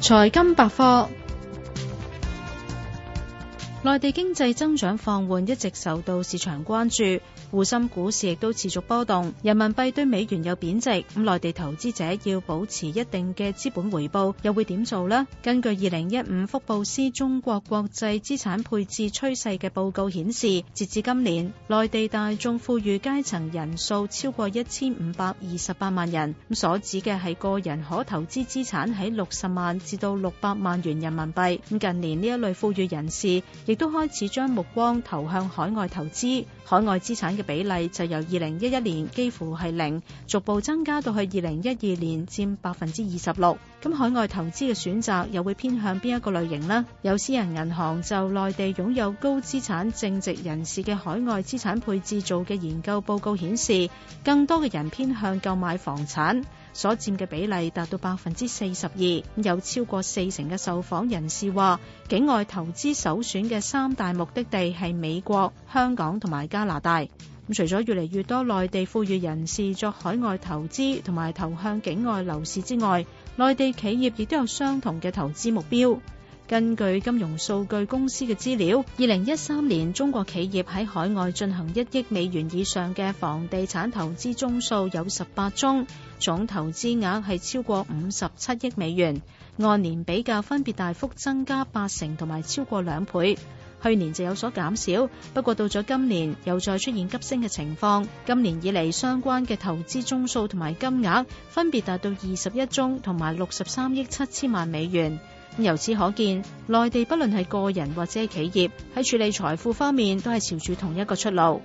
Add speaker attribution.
Speaker 1: 財金百科。內地經濟增長放緩一直受到市場關注，滬深股市亦都持續波動，人民幣對美元有貶值，咁內地投資者要保持一定嘅資本回報，又會點做呢？根據二零一五福布斯中國國際資產配置趨勢嘅報告顯示，截至今年，內地大眾富裕階層人數超過一千五百二十八萬人，咁所指嘅係個人可投資資產喺六十萬至到六百萬元人民幣。咁近年呢一類富裕人士。亦都開始將目光投向海外投資，海外資產嘅比例就由二零一一年幾乎係零，逐步增加到去二零一二年佔百分之二十六。咁、嗯、海外投資嘅選擇又會偏向邊一個類型呢？有私人銀行就內地擁有高資產淨值人士嘅海外資產配置做嘅研究報告顯示，更多嘅人偏向購買房產。所佔嘅比例達到百分之四十二，有超過四成嘅受訪人士話，境外投資首選嘅三大目的地係美國、香港同埋加拿大。咁除咗越嚟越多內地富裕人士作海外投資同埋投向境外樓市之外，內地企業亦都有相同嘅投資目標。根據金融數據公司嘅資料，二零一三年中國企業喺海外進行一億美元以上嘅房地產投資宗數有十八宗，總投資額係超過五十七億美元，按年比較分別大幅增加八成同埋超過兩倍。去年就有所減少，不過到咗今年又再出現急升嘅情況。今年以嚟相關嘅投資宗數同埋金額分別達到二十一宗同埋六十三億七千萬美元。由此可見，內地不論係個人或者係企業，喺處理財富方面都係朝住同一個出路。